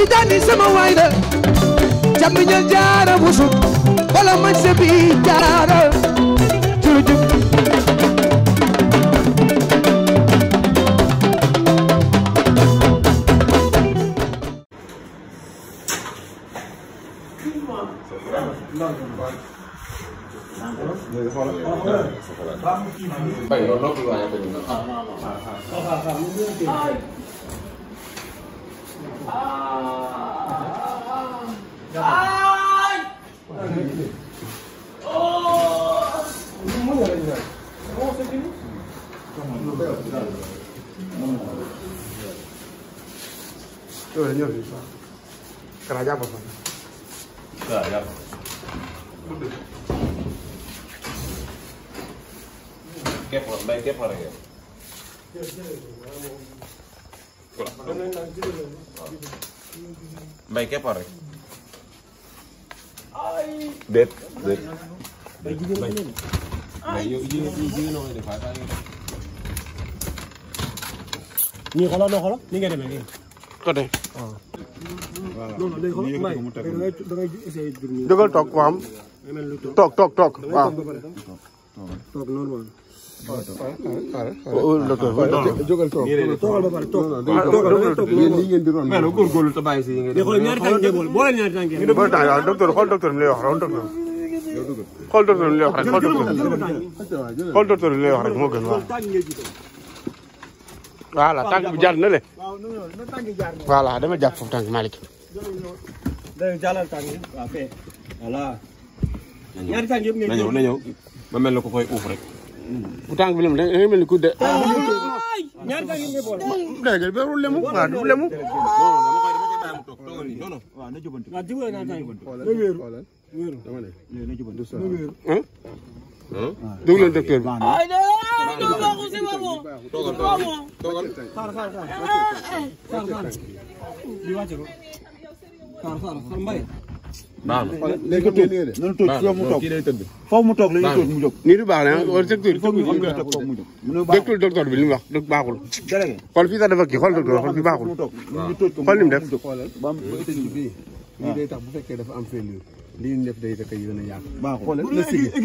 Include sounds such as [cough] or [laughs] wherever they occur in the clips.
tijaani sama waay la jamiñal jaara busu wala man sebi jaara jurujub bay loolu noppi waaye bañu na 这个人叫谁吧？搁哪家不分？搁哪家？Get one, make get one again. Mbay keppar rek. déet déet. mbay yow jigéen jigéen ñoo koy def waaye baa ngi def. ñii xoolal noo xoolal ni nga demee nii. côté. waaw. voilà ñu yëkkati ko mu teg ko. dëggal toog ma am. toog toog toog waaw. toog normal. waaw waaw jógal toog toogal ba pare toog. toogal toog lii ngeen di ron. mais nag góorgóorlu te bàyyi si yi ngeen di. xool ñaari tànk boole boole ñaari tànk yi. boole tànk waaw docteur xool docteur mi lay wax xool docteur. xool docteur mi lay wax rek xool docteur mi lay wax rek moo gën waaw. voilà tànk bi jaar na le. dama jàpp foofu tànk Malick. voilà. na ñëw na ñëw ba mel koy uuf rek. bu tànk bi lemu da ngay mel ni ku de. Ah, ñaari tànk na jubanti. waaw déglu leen docteur bi. ay doo waxu si ma moom. toogal toogal xaar xaar xaar. xaar xaar ñu wàcce ko. xaar xaar xaar mbay. baax na léegi toog nañu toog foofu mu toog foofu mu toog la ñuy toog mu jóg. nii du baax na ah wala docteur bi foofu mu jóg. déglu docteur bi li mu wax dëgg baaxul. délégué xool fii sax dafa kii xool docteur xool fii baaxul. waaw xool li mu def. xoolal ba mu bëgg a tax bu fekkee dafa am failure lii ñu def day da koy yónnee yàqu. baaxul xoolal na sigi nga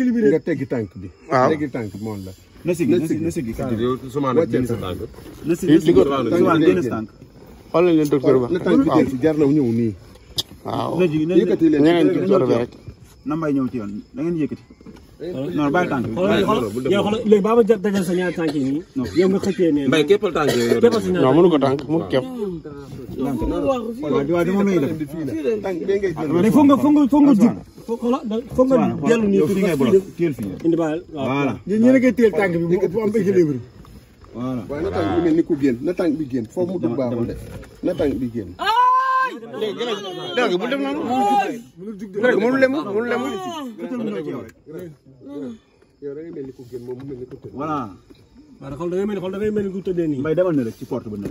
teggi bi. waaw teggi tànk moom la. na sigi na sigi kàddu yow semence la génn sa tànk. na sigi génn sa tànk. xoolal leen docteur ba. na tànk na ñëw na mbay ñëw ci yoon da ngeen yëkkati. non bàyyi tànk yow xoolal léegi sa ñaari tànk yi nii yow nga xëccee ne mbay képpal tànk yooyu non mënu ko tànk mënu képp waaw dama nuyu def mais foog nga foog nga foog nga jub foog nga dellu nii fii ngay bolok teel fii indi baal voilà ñi ngay teel tànk bi bu am na tànk ni ku génn bi génn foofu mu dugg baaxul def na léegi gën a léegi bu dem noonu. mënul lemu mënul lemu. yow da ngay mel ni ku gën moom mu mel ni ku tëdd. voilà. waaw da ngay mel ni da mel ni ku tëddee nii. mbay demal na rek ci porte ba nëb.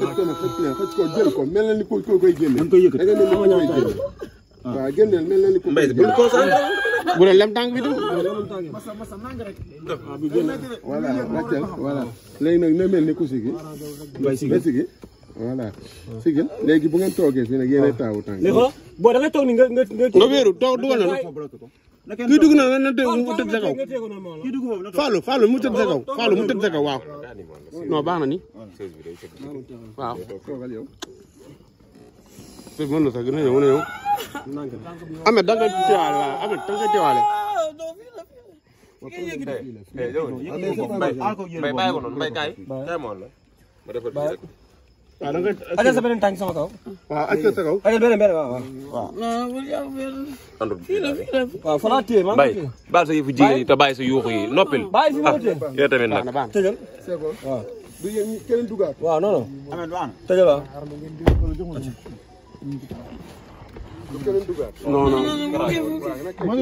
waaw xëcc ko jël ko mel na koy génne. mën koy yëkkati da ngay mel ni ku koy génne. Ah. waaw génneel mel na ni ku. mbay bul ko sax. bu doon lem tànk bi du. masa masa ah, nag na mel ni ku sigi. mbay sigi voilà si gën léegi bu ngeen toogee fii nag yéenay taawu tànk. léegi boo da nga toog ni nga nga nga. nga wéeru toog dugal na kii dugg na na mu tëdd sa kaw Fallou Fallou mu tëdd sa kaw Fallou mu tëdd sa kaw waaw. non baax na ni waaw. te mën na sax gën a ñëw mën na ñëw. Ahmed da nga teewaale waaw Ahmed da nga teewaale. mbay bàyyi ko noonu mbay kaay. అదే sir నేను thanks అవుతావు అదే బేరే బేరే fala téye maa ngi téye bàyyi sa yëfu jigéen yi te bàyyi yi noppil bàyyi si moo téye yow tamit nag tëjal waaw du yéen keneen dugaat waaw non non tëjal waaw non non maa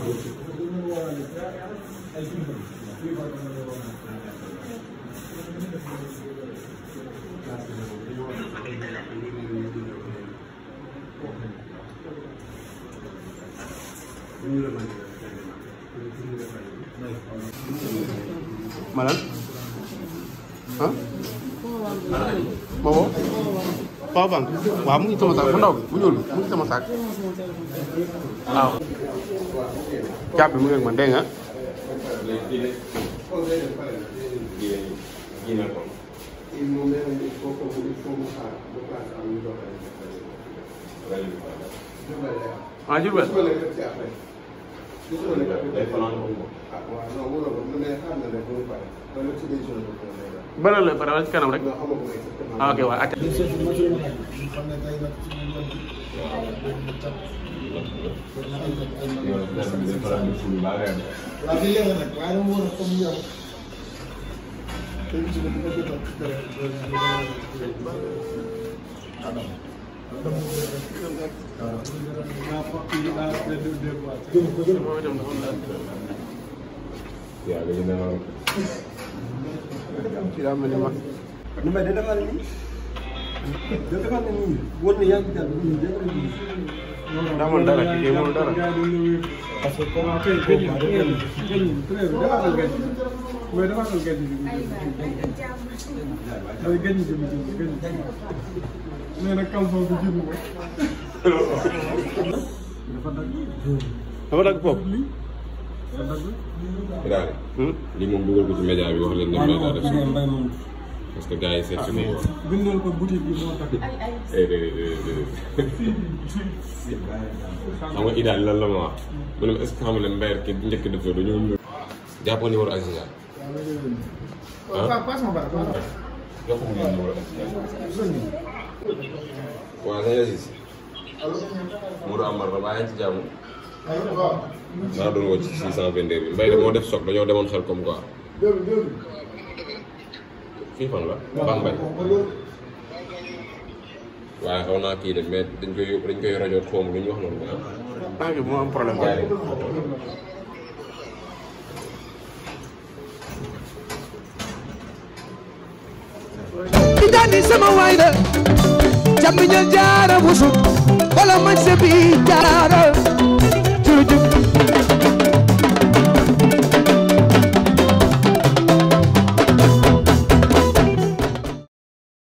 ngi toj maanaam ah boobu power bank waaw mu ngi sama saak bu ndaw bi bu ñuul bi mu ngi sama saak waaw caabi mu ngi ak Leydi Guinée Guinée kon. il faut que il faut que mu na pare wala ci kanam rek. ah yow dara bi faral di ful baa weer. waaw li leer nag waaye dama war a comme yow. tey jii dama gën a gën a gën a yaa ngi ne noonu. ci laa mel ni ma. ni ma de defal nii. de defal nii wër na yaa ngi jàll. damul dara kii moom dara. parce que comme tey géej gi géej gi géej gi très bien defaatal géej gi mais defaatal géej gi. mooy géej gi jëm jëm géej gi. nee na kalson bi jëm ko. dafa dagg. dafa dagg foofu. dafa dagg. Hmm? li moom dugal ko ci média bi wax leen ne mbay daa def. parce que gars yi seet si ah, moom. Eh, [laughs] xam nga Ida lan la ma wax. mu ne xam ne Mbaye njëkk def dafa dañoo ñëw. jàppoo numéro Aziz moo def soog dañoo demoon xel comme quoi. fii fan la Bambey waaye xaw naa kii de mais dañ koy dañ koy rajoot xoom lu ñu wax noonu ah. tànk bi moo am problème waaye. Tijaan sama waay la. jàmm ñal jaara bu sub wala man sa jaara.